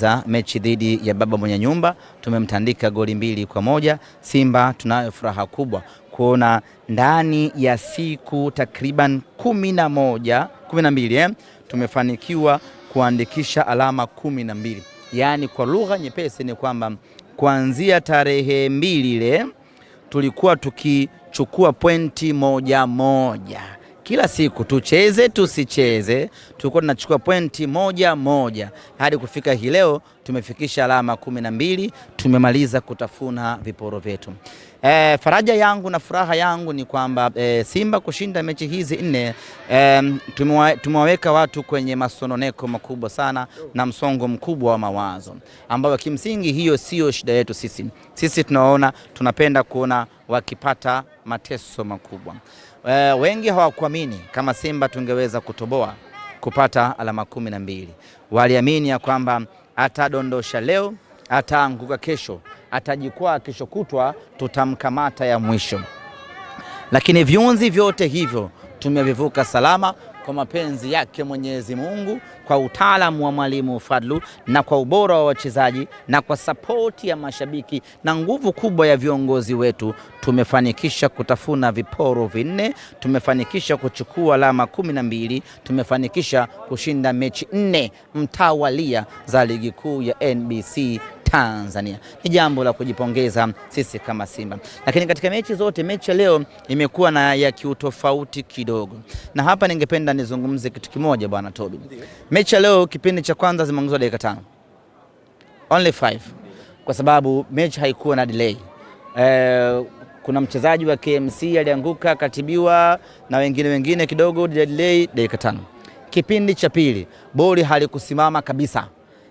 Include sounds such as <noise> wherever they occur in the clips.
za mechi dhidi ya baba mwenye nyumba tumemtandika goli mbili kwa moja. Simba tunayo furaha kubwa kuona ndani ya siku takriban kumi na moja kumi na mbili eh, tumefanikiwa kuandikisha alama kumi na mbili yaani kwa lugha nyepesi ni kwamba kuanzia tarehe mbili ile tulikuwa tukichukua pointi moja moja kila siku, tucheze tusicheze, tulikuwa tunachukua pointi moja moja hadi kufika hii leo tumefikisha alama kumi na mbili, tumemaliza kutafuna viporo vyetu. E, faraja yangu na furaha yangu ni kwamba e, Simba kushinda mechi hizi nne e, tumewaweka watu kwenye masononeko makubwa sana na msongo mkubwa wa mawazo, ambayo kimsingi hiyo siyo shida yetu sisi. Sisi tunaona tunapenda kuona wakipata mateso makubwa. Eh, wengi hawakuamini kama Simba tungeweza kutoboa kupata alama kumi na mbili. Waliamini ya kwamba atadondosha leo, ataanguka kesho, atajikwaa kesho kutwa, tutamkamata ya mwisho. Lakini viunzi vyote hivyo tumevivuka salama kwa mapenzi yake Mwenyezi Mungu, kwa utaalamu wa mwalimu Fadlu na kwa ubora wa wachezaji na kwa sapoti ya mashabiki na nguvu kubwa ya viongozi wetu, tumefanikisha kutafuna viporo vinne, tumefanikisha kuchukua alama kumi na mbili, tumefanikisha kushinda mechi nne mtawalia za ligi kuu ya NBC Tanzania. Ni jambo la kujipongeza sisi kama Simba, lakini katika mechi zote, mechi ya leo imekuwa na ya kiutofauti kidogo, na hapa ningependa nizungumze kitu kimoja bwana Tobi. Mechi ya leo kipindi cha kwanza zimeongezwa dakika tano only five, kwa sababu mechi haikuwa na delay eh, kuna mchezaji wa KMC alianguka akatibiwa na wengine wengine kidogo, delay dakika tano. Kipindi cha pili boli halikusimama kabisa,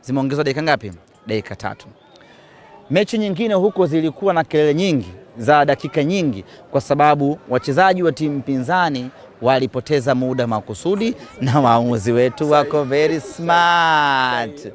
zimeongezwa dakika ngapi? dakika tatu. Mechi nyingine huko zilikuwa na kelele nyingi za dakika nyingi, kwa sababu wachezaji wa timu pinzani walipoteza muda makusudi, na waamuzi wetu wako very smart.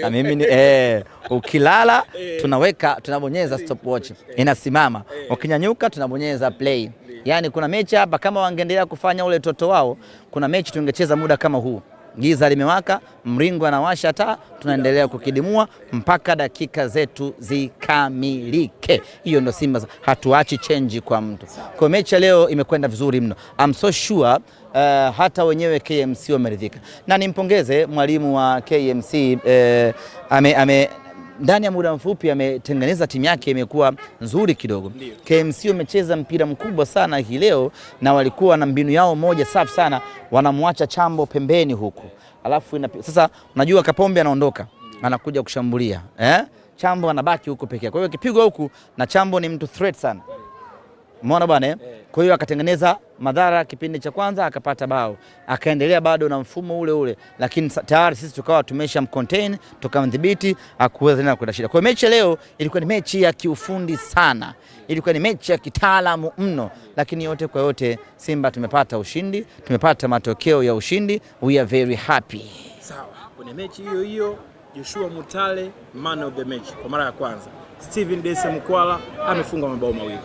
Na mimi ni eh, ukilala <laughs> eh. tunaweka tunabonyeza stopwatch inasimama, eh. ukinyanyuka tunabonyeza play. Yaani kuna mechi hapa, kama wangeendelea kufanya ule toto wao, kuna mechi tungecheza muda kama huu giza limewaka, mringo anawasha taa, tunaendelea kukidimua mpaka dakika zetu zikamilike. Hiyo ndo Simba, hatuachi chenji kwa mtu. Kwa mechi ya leo imekwenda vizuri mno, I'm so sure uh, hata wenyewe KMC wameridhika, na nimpongeze mwalimu wa KMC uh, ame, ame ndani ya muda mfupi ametengeneza timu yake imekuwa nzuri kidogo. KMC wamecheza mpira mkubwa sana hii leo, na walikuwa na mbinu yao moja safi sana, wanamwacha Chambo pembeni huku, alafu ina, sasa unajua Kapombe anaondoka anakuja kushambulia eh? Chambo anabaki huku pekee, kwa hiyo kipigwa huku na Chambo ni mtu threat sana, umeona bwana eh? eh. Kwa hiyo akatengeneza madhara kipindi cha kwanza akapata bao, akaendelea bado na mfumo ule ule, lakini tayari sisi tukawa tumesha mcontain, tukamdhibiti, akuweza tena kwenda shida. Kwa hiyo mechi leo ilikuwa ni mechi ya kiufundi sana, ilikuwa ni mechi ya kitaalamu mno, lakini yote kwa yote Simba tumepata ushindi, tumepata matokeo ya ushindi. We are very happy. Sawa, kwenye mechi hiyo hiyo Joshua Mutale man of the match kwa mara ya kwanza, Steven Dese Mkwala amefunga mabao mawili.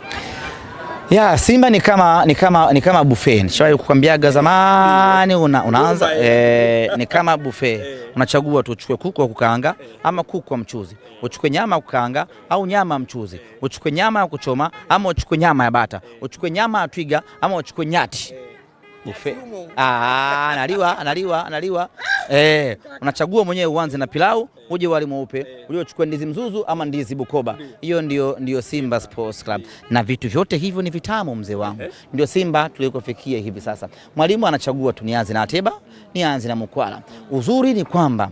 Ya Simba ni kama ni kama ni kama buffet. Nishawahi kukwambiaga zamani una, unaanza eh, ni kama buffet. Unachagua tu uchukue kuku wa kukaanga ama kuku wa mchuzi. Uchukue nyama ya kukaanga au nyama ya mchuzi. Uchukue nyama ya kuchoma ama uchukue nyama ya bata. Uchukue nyama ya twiga ama uchukue nyati. Eh. Buffet. Ah, analiwa, analiwa, analiwa eh, unachagua mwenyewe, uanze na pilau, uje wali mweupe, uje uchukue ndizi mzuzu ama ndizi Bukoba. Hiyo ndio, ndio Simba Sports Club, na vitu vyote hivyo ni vitamu, mzee wangu. Ndio Simba tulikofikia hivi sasa. Mwalimu anachagua tu nianze na Ateba, nianze na Mkwala. Uzuri ni kwamba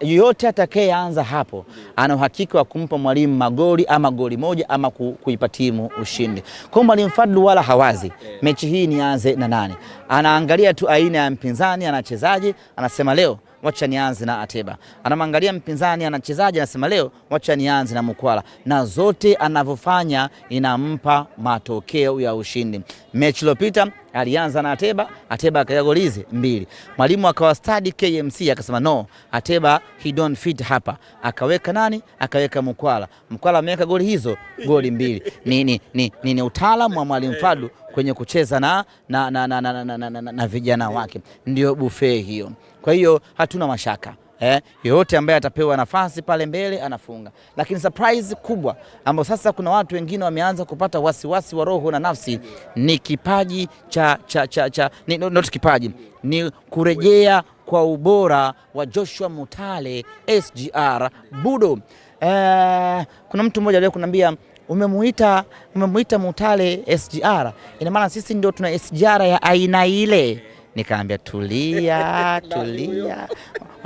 yoyote atakayeanza hapo ana uhakika wa kumpa mwalimu magoli ama goli moja ama ku, kuipa timu ushindi. Kwa mwalimu Fadlu wala hawazi mechi hii nianze na nani, anaangalia tu aina ya mpinzani anachezaje, anasema leo wacha nianze na Ateba. Anamwangalia mpinzani anachezaji, anasema leo wacha nianze na Mukwala, na zote anavyofanya inampa matokeo ya ushindi. Mechi iliyopita alianza na Ateba, Ateba akaja golizi mbili. Mwalimu akawa study KMC akasema no, Ateba he don't fit hapa. Akaweka nani? Akaweka Mkwala. Mkwala ameweka goli hizo goli mbili. <laughs> Ni ni ni, ni, ni utaalamu wa Mwalimu Fadlu kwenye kucheza na, na, na, na, na, na, na, na, na vijana wake. Ndio buffet hiyo. Kwa hiyo hatuna mashaka Eh, yoyote ambaye atapewa nafasi pale mbele anafunga, lakini surprise kubwa ambayo sasa kuna watu wengine wameanza kupata wasiwasi wa roho na nafsi ni kipaji cha, cha, cha, cha ni, not kipaji ni kurejea kwa ubora wa Joshua Mutale SGR Budo. Eh, kuna mtu mmoja leo kunambia umemuita umemuita Mutale SGR, ina maana sisi ndio tuna SGR ya aina ile. Nikaambia tulia <laughs> tulia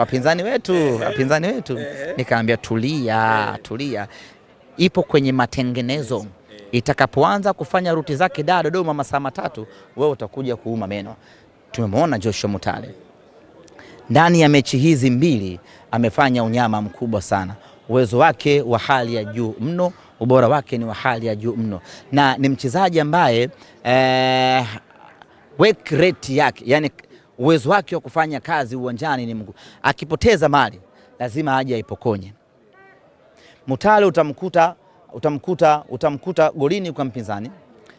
wapinzani wetu, wapinzani wetu. Nikaambia tulia, tulia, ipo kwenye matengenezo itakapoanza kufanya ruti zake Dar Dodoma masaa matatu, wewe utakuja kuuma meno. Tumemwona Joshua Mutale ndani ya mechi hizi mbili amefanya unyama mkubwa sana, uwezo wake wa hali ya juu mno, ubora wake ni wa hali ya juu mno, na ni mchezaji ambaye eh, work rate yake yani uwezo wake wa kufanya kazi uwanjani ni mgumu. Akipoteza mali lazima aje aipokonye. Mutale utamkuta, utamkuta, utamkuta golini kwa mpinzani,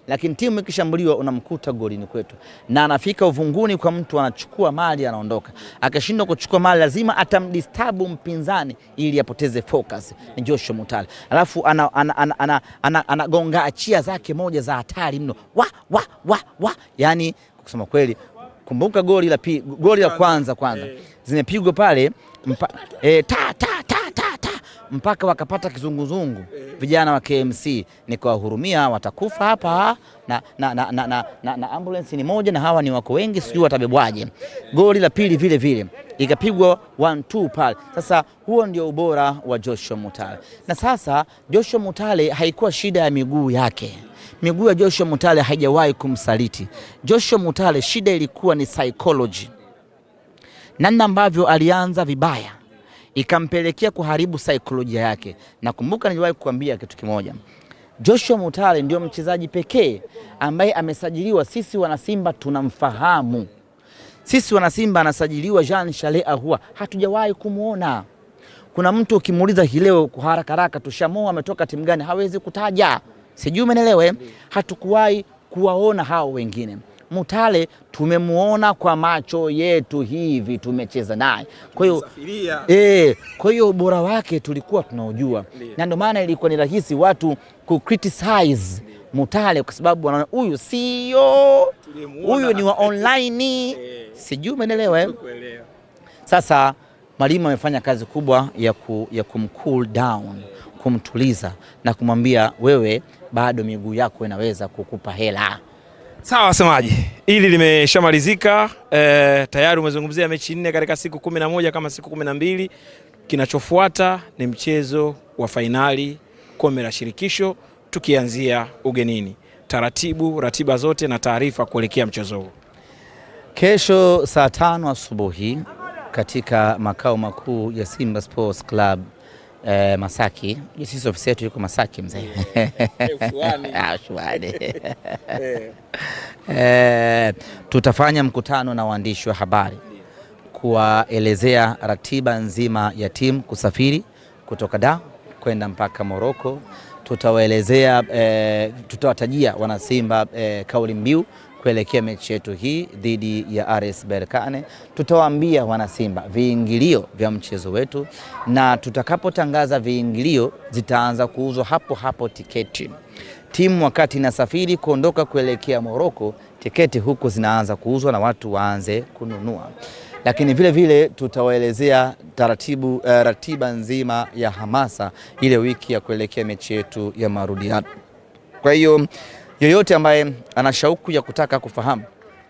lakini timu ikishambuliwa unamkuta golini kwetu, na anafika uvunguni kwa mtu anachukua mali anaondoka. Akishindwa kuchukua mali lazima atamdistabu mpinzani ili apoteze focus. Ni Joshua Mutale, alafu anagonga ana, ana, ana, ana, ana, ana achia zake moja za hatari mno wa, wa, wa, wa. Yani kusema kweli kumbuka goli la pi, goli la kwanza kwanza e. zimepigwa pale mpa, e, ta, ta, ta, ta, ta, mpaka wakapata kizunguzungu eh. vijana wa KMC ni nikawahurumia, watakufa hapa na, na, na, na, na, na, na ambulance ni moja na hawa ni wako wengi, sijui watabebwaje. Goli la pili vile vile ikapigwa 1-2 pale. Sasa huo ndio ubora wa Joshua Mutale, na sasa Joshua Mutale haikuwa shida ya miguu yake miguu ya Joshua Mutale haijawahi kumsaliti Joshua Mutale. Shida ilikuwa ni psychology, namna ambavyo alianza vibaya ikampelekea kuharibu saikolojia yake. Nakumbuka niliwahi kukuambia kitu kimoja, Joshua Mutale ndio mchezaji pekee ambaye amesajiliwa. Sisi wanasimba tunamfahamu, sisi wanasimba anasajiliwa Jean Charles Ahua, hatujawahi kumwona. Kuna mtu ukimuuliza hii leo kwa haraka haraka, tushamoa ametoka timu gani, hawezi kutaja sijui umenelewe, eh? hatukuwahi kuwaona hao wengine. Mutale tumemuona kwa macho yetu hivi, tumecheza naye, kwa hiyo eh, kwa hiyo ubora wake tulikuwa tunaojua na ndio maana ilikuwa ni rahisi watu ku criticize Mutale kwa sababu wanaona huyu sio huyu ni wa <laughs> online eh. sijui umeelewa. Eh? Sasa mwalimu amefanya kazi kubwa ya, ku, ya kumcool down kumtuliza na kumwambia wewe bado miguu yako inaweza kukupa hela. Sawa wasemaji, hili limeshamalizika. E, tayari umezungumzia mechi nne katika siku kumi na moja kama siku kumi na mbili. Kinachofuata ni mchezo wa fainali kombe la shirikisho tukianzia ugenini. Taratibu, ratiba zote na taarifa kuelekea mchezo huo. Kesho saa tano asubuhi katika makao makuu ya Simba Sports Club Eh, Masaki. Sisi ofisi yetu yuko Masaki mzee. Eh, eh, <laughs> ah, <laughs> eh. eh, tutafanya mkutano na waandishi wa habari kuwaelezea ratiba nzima ya timu kusafiri kutoka Dar kwenda mpaka Moroko. Tutawaelezea eh, tutawatajia wanasimba eh, kauli mbiu kuelekea mechi yetu hii dhidi ya RS Berkane. Tutawaambia wanasimba viingilio vya mchezo wetu, na tutakapotangaza viingilio zitaanza kuuzwa hapo hapo tiketi. Timu wakati inasafiri kuondoka kuelekea Moroko, tiketi huko zinaanza kuuzwa na watu waanze kununua lakini vile vile tutawaelezea taratibu uh, ratiba nzima ya hamasa ile wiki ya kuelekea mechi yetu ya marudiano. Kwa hiyo Yoyote ambaye ana shauku ya kutaka kufahamu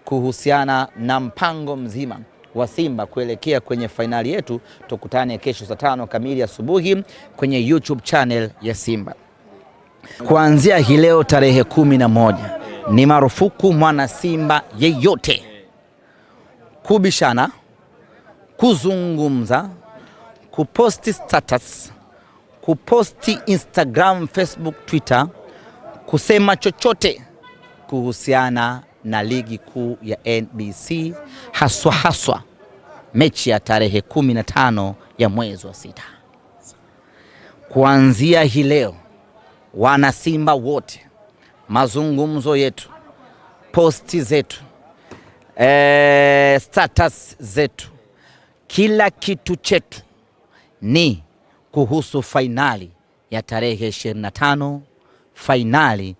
kuhusiana na mpango mzima wa Simba kuelekea kwenye fainali yetu, tukutane kesho saa tano kamili asubuhi kwenye YouTube channel ya Simba. Kuanzia hii leo tarehe kumi na moja ni marufuku mwana Simba yeyote kubishana, kuzungumza, kuposti status, kuposti Instagram, Facebook, Twitter kusema chochote kuhusiana na ligi kuu ya NBC haswa haswa mechi ya tarehe kumi na tano ya mwezi wa sita. Kuanzia hii leo, wana Simba wote, mazungumzo yetu, posti zetu, e, status zetu, kila kitu chetu ni kuhusu fainali ya tarehe 25 fainali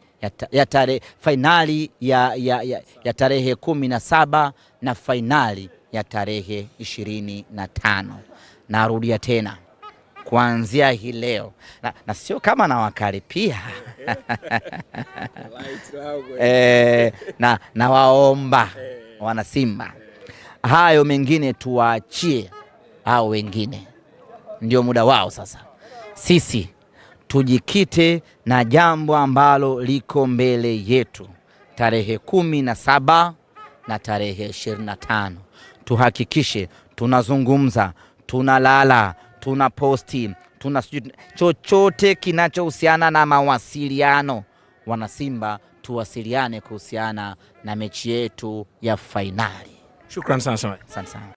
ya, tarehe fainali ya, ya, ya, ya tarehe kumi na saba na fainali ya tarehe ishirini na tano. Narudia tena kuanzia hii leo na, na sio kama nawakaripia <laughs> e, na nawaomba wanasimba, hayo mengine tuwaachie hao wengine, ndio muda wao sasa. Sisi tujikite na jambo ambalo liko mbele yetu tarehe kumi na saba na tarehe ishirini na tano tuhakikishe tunazungumza, tunalala, tuna posti, tuna chochote kinachohusiana na mawasiliano. Wanasimba, tuwasiliane kuhusiana na mechi yetu ya fainali. Shukrani sana sana.